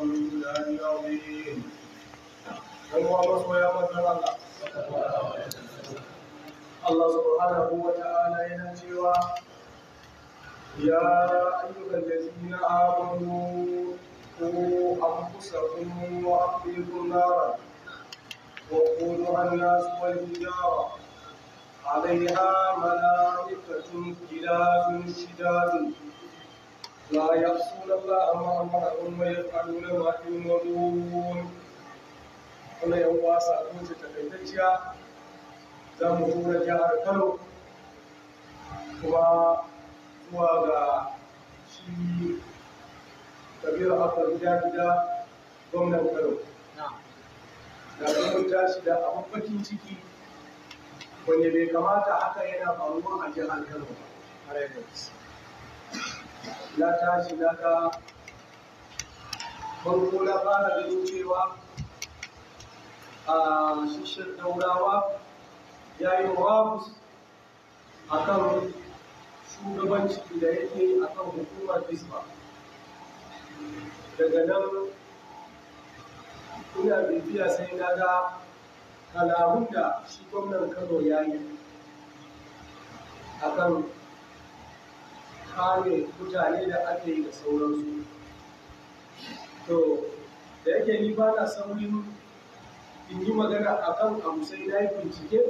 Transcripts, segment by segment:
Allah subhanahu wa ta'ala yana cewa ya ayyukan lazina ko ku anfusakum wa ahlikum nara wa qudha an-nas wal gida عليها ملائكة كلاب شداد لا يعصون الله ما أمرهم ويفعلون ما يؤمرون kuma yan uwa sakon ta takaitacciya za mu tura jihar kano kuma zuwa ga shi kabiru abba gida gida gwamnan kano da zama tashi da abin bakin ciki wanda bai kamata haka yana faruwa a jihar kano ba ya tashi daga farko na fara ganin cewa a shishin daurawa ya yi murabus a kan shugabanci da yake a kan hukumar bisma daga nan ina bibiya sai na ga kalamun da shi gwamnan kano ya yi a kan kame mutane da ake yi da sauransu to da yake ni ba na saurin in yi magana a kan abu sai na yi bincike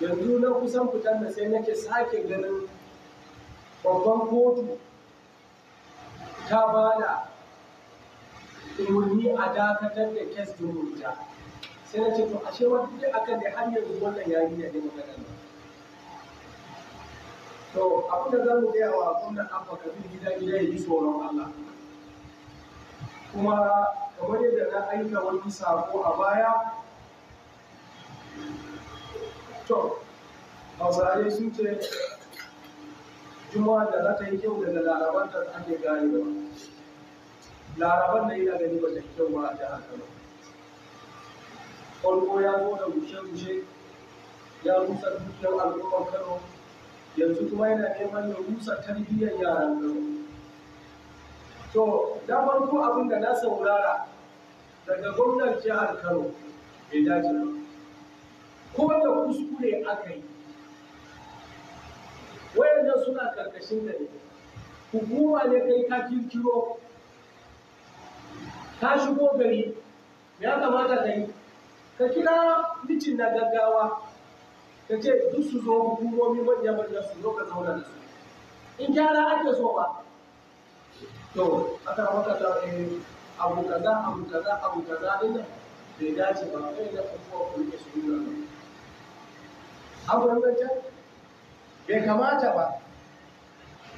yanzu na kusan fitar da sai nake sake ganin babban kotu ta ba da umarni a dakatar da kes din wuta sai na ce to ashe wata duk akan da har yanzu wannan yayi ne magana to abin da za mu gaya wa an abba kabir gida gida ya ji tsoron allah kuma kamar yadda na aika wani sako a baya to hausare sun ce juma'a da za ta yi kyau daga larabar da ake gane ba larabar da yana gani ba da kyau ba a jihar kano farko ya zo da gushe gushe ya rusa dukiyar al'ummar kano yanzu kuma yana neman ya rusa tarbiyyar yaran gaba to da farko abin da na saurara daga gwamnan jihar kano bai dace ba ko da kuskure aka yi wayannan suna karkashin da ne hukuma ne kai ka kirkiro ka shigo gari ya kamata ka yi ka kira mijin na gaggawa ka ce duk su zo hukumomi manya manya su zo ka zauna da su in gyara ake so ba to aka maka da eh, abu kaza abu kaza abu kaza din bai dace ba kai da kuma ku ke su nuna abu da ta bai kamata ba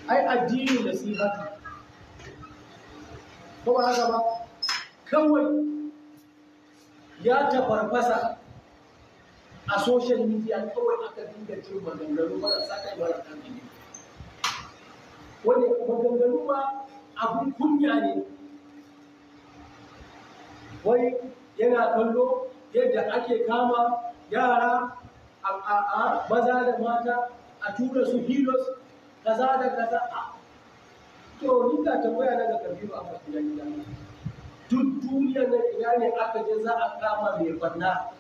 ai addini da sifati ko ba haka ba kawai ya tafarfasa a social media kawai aka dinga ce maganganu marasa kai marasa ne Wani maganganu ma abin kunya ne wai yana kallo yadda ake kama yara a maza da mata a tura su hilos kaza da kaza a to ni ga tambaya na ga kabiru a gida gida duk duniyar da ina ne aka je za a kama mai barna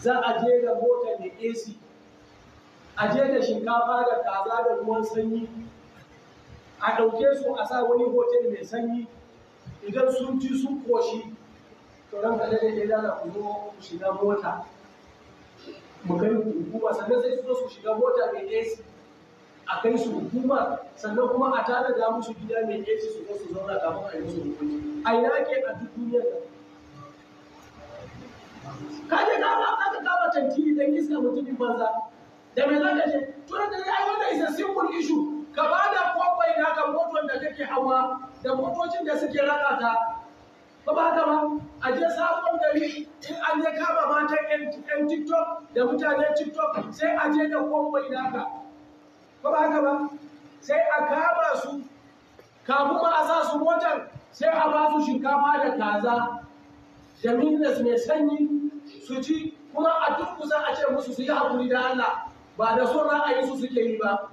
za a je da mota da AC a je da shinkafa da kaza da ruwan sanyi a ɗauke su a sa wani hotel mai sanyi idan sun ci sun koshi to ran kada da ya na ku zo ku shiga mota mu kai hukuma sannan sai su zo su shiga mota mai AC a kai su hukuma sannan kuma a tana da musu gida mai AC su zo su zauna kafin a yi musu hukunci a ke a duk duniyar ka je ka ba tantiri dan iska mutumin banza da mai za ka je to da ai wannan isa simple issue ka ba da kwakwai da ka motar da kake hawa da motocin da suke raka ta ba ba ta ba a je sabon gari in an je kama matan yan tiktok da mutane tiktok sai a je da kwakwai da ka ba ba ta ba sai a kama su kafin ma a sa su motar sai a ba su shinkafa da kaza da minnas mai sanyi su ci kuma a duk a ce musu su yi haƙuri da Allah ba da son ra'ayi su suke yi ba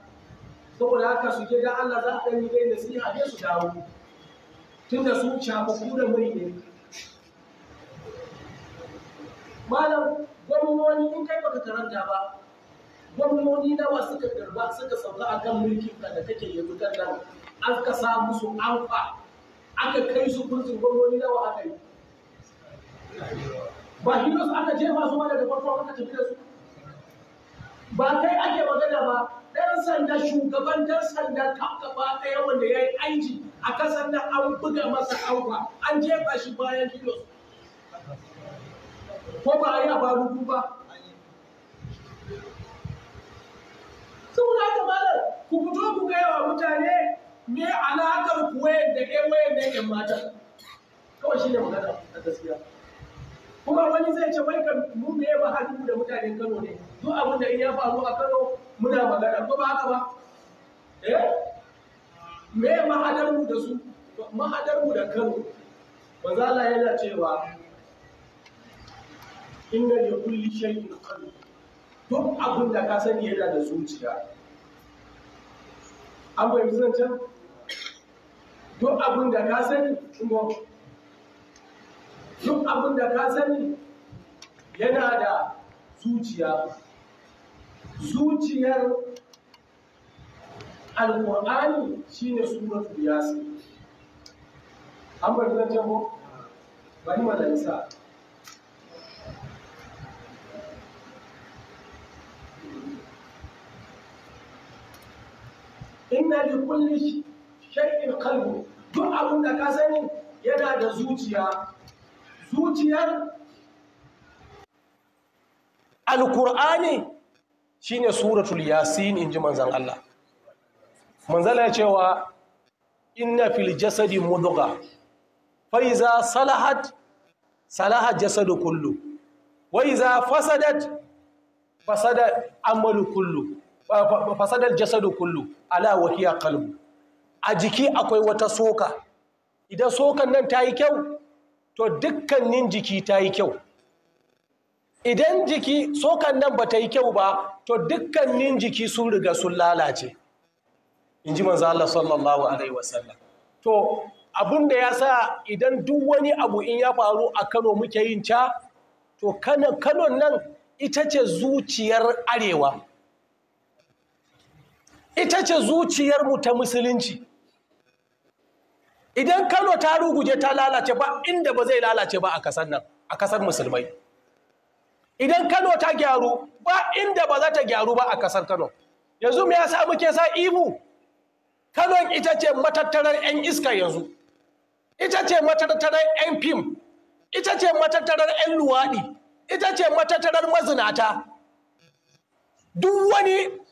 saboda haka su da Allah za a ɗan yi dai nasiha ne su dawo tunda su ku da muri ne malam gwamnoni in kai baka karanta ba gwamnoni nawa suka karba suka sauka kan mulkin ka da kake yanzu kan nan ka sa musu amfa aka kai su kurtun gwamnoni nawa aka yi ba hilos aka jefa su ma daga farko aka tafi da su ba kai ake magana ba ɗan sanda shugaban ɗan sanda kaf gaba ɗaya wanda ya yi aiki a kasan nan an buga masa auka an jefa shi bayan hilos ko ba a yi a baruku ba saboda haka malam ku fito ku gaya wa mutane me alaƙar kuwa da ƴan wayan da ƴan mata kawai shi ne magana a gaskiya kuma wani zai ce wai kan mu me ba haɗu da mutanen Kano ne duk abin da in ya faru a Kano muna magana ko ba haka ba eh me mahadar mu da su mahadar mu da Kano manzo Allah yana cewa inna li kulli shay'in qalb duk abin da ka sani yana da zuciya an bai zancen duk abin da ka sani kuma duk abin da ka sani yana da zuciya zuciyar alƙur'ani shine suratul yasin an bari zan jamo bani malaisa inna li kulli shay'in qalbu duk abin da ka sani yana da zuciya zuciyar alkur'ani shine suratul yasin inji manzan Allah manzana ya cewa ina fil jasadi mudoga fa iza salahat jasadu kullu Wai za fasadat fasadar amalu kullu fasadar jasadu kullu ala wahiya kalbu a jiki akwai wata soka idan sokan nan ta yi kyau to dukkanin jiki ta yi kyau idan jiki tsokan nan ba ta yi kyau ba to dukkanin jiki sun riga sun lalace in ji manzo Allah sallallahu alaihi wasallam to abun da ya sa idan duk wani abu in ya faru a Kano muke yin ca to Kano Kano nan ita ce zuciyar arewa ita ce zuciyar mu ta musulunci idan kano ta ruguje ta lalace ba inda ba zai lalace ba a kasar nan a kasar musulmai idan kano ta gyaru ba inda ba za ta gyaru ba a kasar kano yanzu ya yasa muke sa ihu kano ita ce matattarar yan iska yanzu ita ce matattarar yan fim ita ce matattarar yan luwaɗi ita ce matattarar mazinata duk wani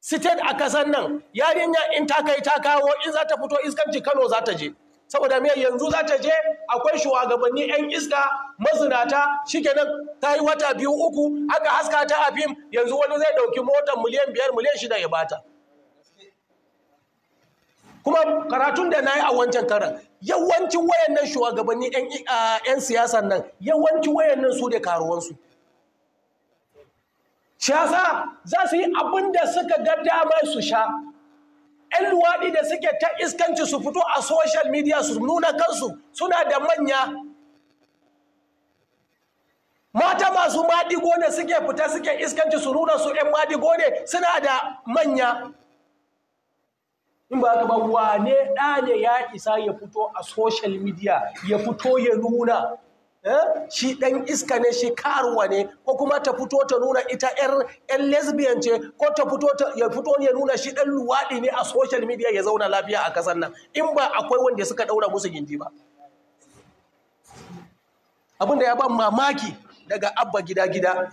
state a kasan nan yarinya in ta kai ta kawo in za ta fito iskanci Kano za ta je saboda miya yanzu za ta je akwai shugabanni yan iska mazinata shikenan ta yi wata biyu uku aka haska ta a fim yanzu wani zai dauki motar miliyan biyar miliyan shida ya bata kuma karatun da na yi a wancan karan yawancin wayannan shugabanni yan siyasan nan yawancin wayannan su da karuwansu Shasa za su yi abin da suka ga damar su sha ‘yan luwaɗi da suke ta iskanci su fito a social media su nuna kansu suna da manya mata masu maɗigo da suke fita suke iskanci su nuna su ‘yan maɗigo ne suna da manya in ba ba wane ɗa ne ya isa ya fito a social media ya fito ya nuna Eh? shi ɗan iska ne shi karuwa ne ko kuma ta fito ta nuna ita 'yan lesbian ce ko ta fito ya fito ya nuna shi ɗan luwaɗi ne a social media ya zauna lafiya a ƙasar nan in ba akwai wanda suka ɗaura musu gindi ba abinda ya ban mamaki daga abba gida-gida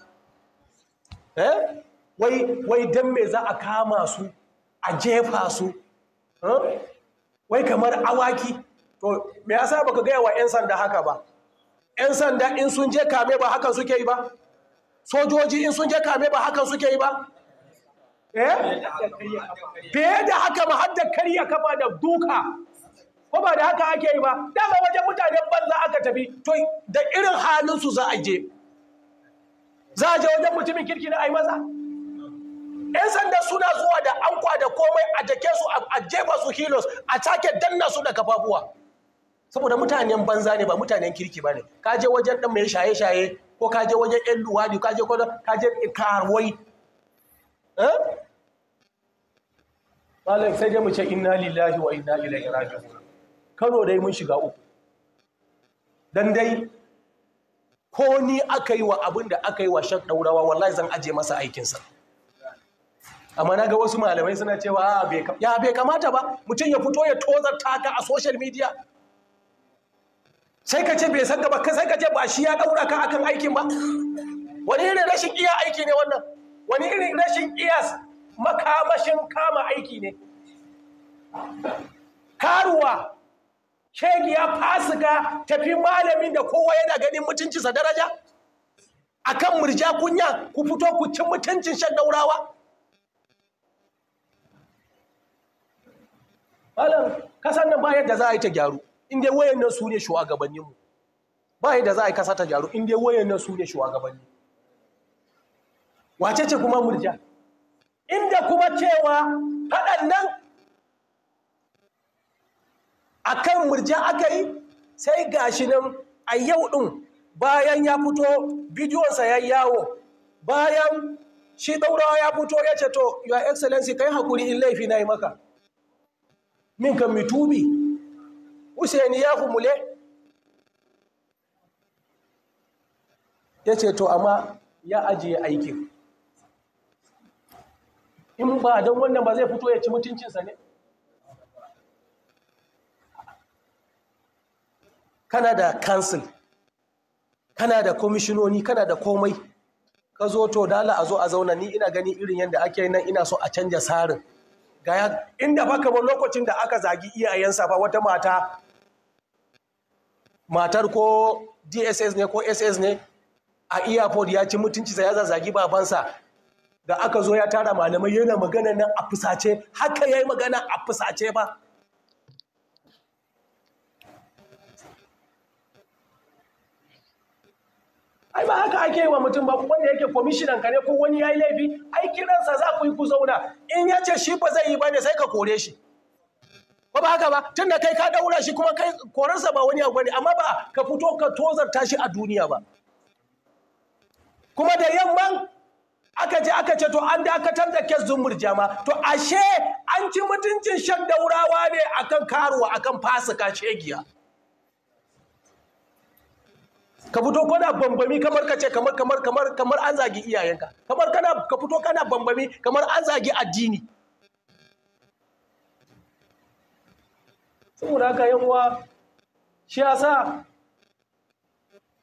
eh? wai dan me za a kama su a jefa su eh? wai kamar awaki to me yasa baka gaya wa 'yan sanda haka ba 'yan sanda in sun je kame ba hakan suke yi ba sojoji in sun je kame ba hakan suke yi ba eh? fiye da haka ma har karya kafa da duka ko ba da haka ake yi ba dama wajen mutanen banza aka tafi to da irin halinsu za a je za a je wajen mutumin kirki na ai maza 'yan sanda suna zuwa da ankwa da komai a jake su a jefa su hilos a cake, danna su da kafafuwa saboda mutanen banza ne ba mutanen kirki ba ne ka je wajen ɗan mai shaye-shaye ko ka je wajen ɗan luwadi ka je ka je karuwai eh? Malam sai dai mu ce inna lillahi wa inna ilaihi raji'un karo dai mun shiga uku dan dai ko ni aka yi wa abin da aka yi wa shan ɗaurawa wallahi zan aje masa aikinsa amma na ga wasu malamai suna cewa ah, ya bai kamata ba mutum ya fito ya tozar taka a social media sai ka ce bai san gaba sai ka ce ba shi ya ɗaura ka akan aikin ba wani irin rashin iya aiki ne wannan wani irin rashin iya makamashin kama aiki ne karuwa ya fasika tafi malamin da kowa yana ganin mutuncinsa daraja akan murja kunya ku fito ku cin mutuncin shan daurawa malam kasan nan ba yadda za a yi ta gyaru in dai wayan nan su ne shugabanninmu ba yadda za a yi kasa ta jaru in dai wayan nan su ne shugabanni wace ce kuma murja inda kuma cewa faɗan nan a kan murja aka yi sai gashi nan a yau ɗin bayan ya fito bidiyonsa ya yawo bayan shi ɗaurawa ya fito ya ce to your excellency kai hakuri in laifi na yi maka min kan mitubi usaini ya humule ya ce to amma ya ajiye aikin in ba don wannan ba zai fito ya ci mutuncinsa ne kana da kansil kana da komishinoni kana da komai ka zo to dala a zo a zauna ni ina gani irin yadda ake nan ina so a canja sarin. gaya inda baka ba lokacin da aka zagi iyayensa ba wata mata matar ko dss ne ko ss ne a airport ya ci mutunci sai ya zazzagi babansa da aka zo ya tara malamai yana magana nan a fusace haka ya yi magana a fusace ba ai ba haka ake yi wa mutum ba wanda yake kwamishinan ka ne ko wani ya yi laifi ai kiransa za ku yi ku zauna in ya ce shi ba zai yi ba ne sai ka kore shi ba ba haka ba Tun tunda kai ka daura shi kuma kai korarsa ba wani abu ne amma ba ka fito ka tozarta shi a duniya ba kuma da yamman aka ce, aka ce to an dakatar da kes zumbur jama to ashe an ci mutuncin shan daurawa ne akan karuwa akan fasika shegiya ka fito kana bambami kamar ka ce kamar kamar kamar kamar an zagi iyayenka kamar kana ka fito kana bambami kamar an zagi addini saboda haka yan uwa shi yasa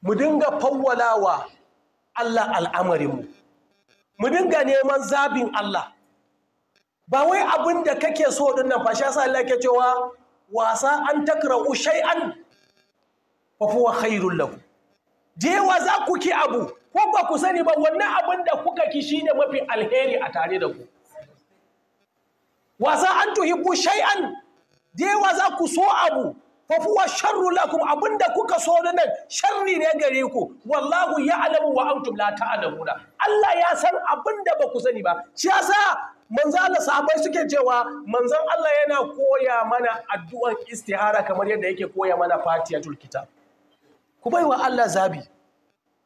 mu dinga fawwalawa Allah al'amarinmu mu dinga neman zabin Allah ba wai abin da kake so din nan fa shi yasa Allah yake cewa wasa an takra'u shay'an fa huwa khairul lakum wa za ku ki abu ko ba ku sani ba wannan abin da kuka ki shine mafi alheri a tare da ku wasa an tuhibbu shay'an da yawa za ku so abu fa huwa sharru lakum abinda kuka so nan sharri ne gare ku wallahu alamu wa antum la ta'lamuna Allah ya san abinda ba ku sani ba shi yasa manzo Allah sahabbai suke cewa manzon Allah yana koya mana addu'an istihara kamar yadda yake koya mana fatihatul kitab ku bai wa Allah zabi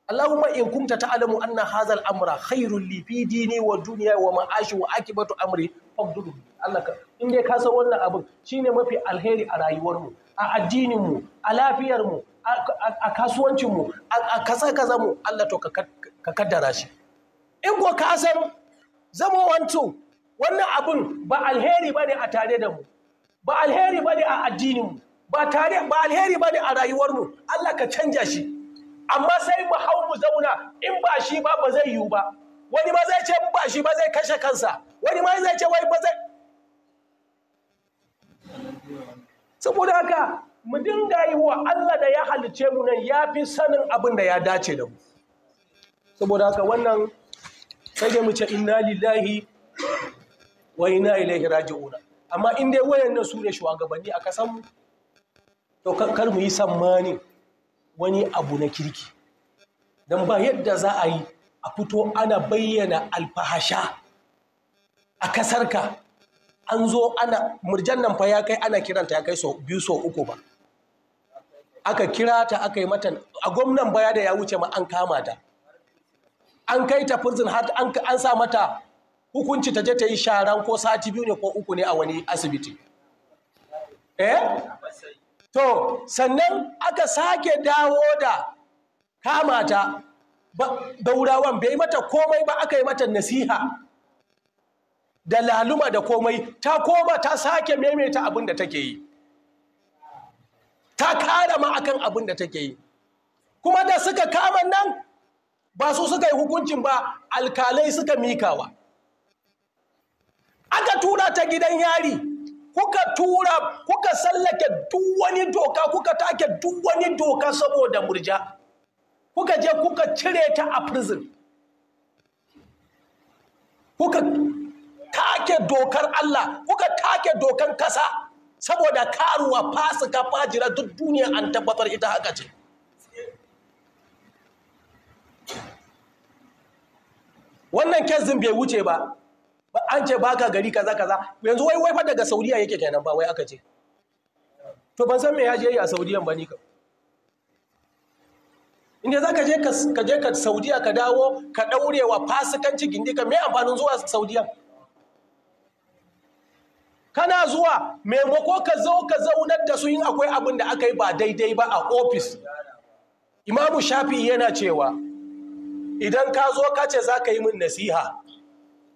Allahumma in kunta ta'lamu anna hadha amra khairul li fi dini wa dunya wa ma'ashi wa akibatu amri fagdudu Allah ka in dai ka san wannan abin shine mafi alheri a rayuwarmu a addininmu a lafiyarmu a kasuwancinmu a kasa kaza mu Allah to ka kaddara shi in ko ka san zama wanto wannan abin ba alheri bane a tare da mu ba alheri bane a addininmu ba tare ba alheri bane a rayuwarmu Allah ka canja shi amma sai mu hau mu zauna in ba shi ba ba zai yiwu ba wani ba zai ce ba shi ba zai kashe kansa wani ma zai ce wai ba zai saboda haka mu dinga yi wa Allah da ya halice mu nan yafi sanin abin da ya dace da mu saboda haka wannan sai dai mu ce inna lillahi wa inna ilaihi raji'un amma in dai wayannan su ne shugabanni a kasan mu to kar mu yi sammani wani abu na kirki dan ba yadda za a yi a fito ana bayyana alfahasha a kasarka an zo ana murjan nan fa ya kai ana kiranta ya kai so biyu so uku ba aka kira ta aka yi mata a gwamnan baya da ya wuce ma an kama ta an kai ta prison har an sa mata hukunci ta je ta yi sharan ko sati biyu ne ko uku ne a wani asibiti eh to sannan aka sake dawo da kama ta daurawan bai mata komai ba aka yi mata nasiha da laluma da komai ta koma ta sake maimaita abin da take yi ta kara ma akan abin da take yi kuma da suka kama nan ba su suka yi hukuncin ba alkalai suka mikawa aka tura ta gidan yari kuka tura kuka sallake duk wani doka kuka take duk wani doka saboda murja kuka je kuka cire ta a prison kuka take dokar Allah kuka take dokan kasa saboda karuwa fasika fajira duk duniya an tabbatar ita haka ce wannan kezin bai wuce ba an ce baka gari kaza kaza yanzu wai wai fa daga Saudiya yake kenan ba wai aka ce to ban san me ya je a Saudiyan ba ni ka inda za ka je ka je Saudiya ka dawo ka daure wa fasikanci gindi ka me amfanin zuwa Saudiya kana zuwa maimako ka zo ka zaunar da su yin akwai abin da aka yi ba daidai ba a ofis imamu shafi yana cewa idan ka zo ka ce za ka yi min nasiha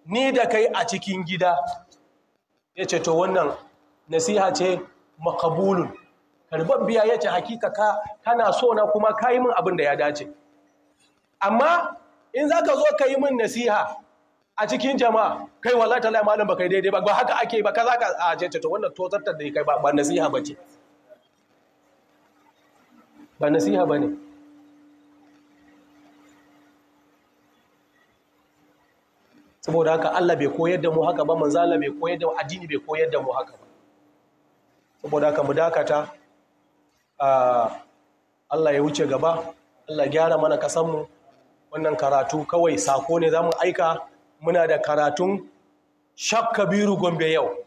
ni da kai a cikin gida ya ce to wannan nasiha ce makabulun karban biya ya ce hakika ka kana so na kuma ka yi min abin da ya dace amma in za ka zo ka yi min nasiha a cikin jama'a kai wallahi tallahi malam baka daidai ba ba haka ake ba kaza ka a ce to wannan tozartar da kai ba ba nasiha bace ba nasiha bane saboda haka Allah bai koyar da mu haka ba manzo Allah bai koyar da addini bai koyar da mu haka ba saboda haka mu dakata Allah ya wuce gaba Allah gyara mana kasanmu wannan karatu kawai sako ne za mu aika muna da karatun shak kabiru gombe yau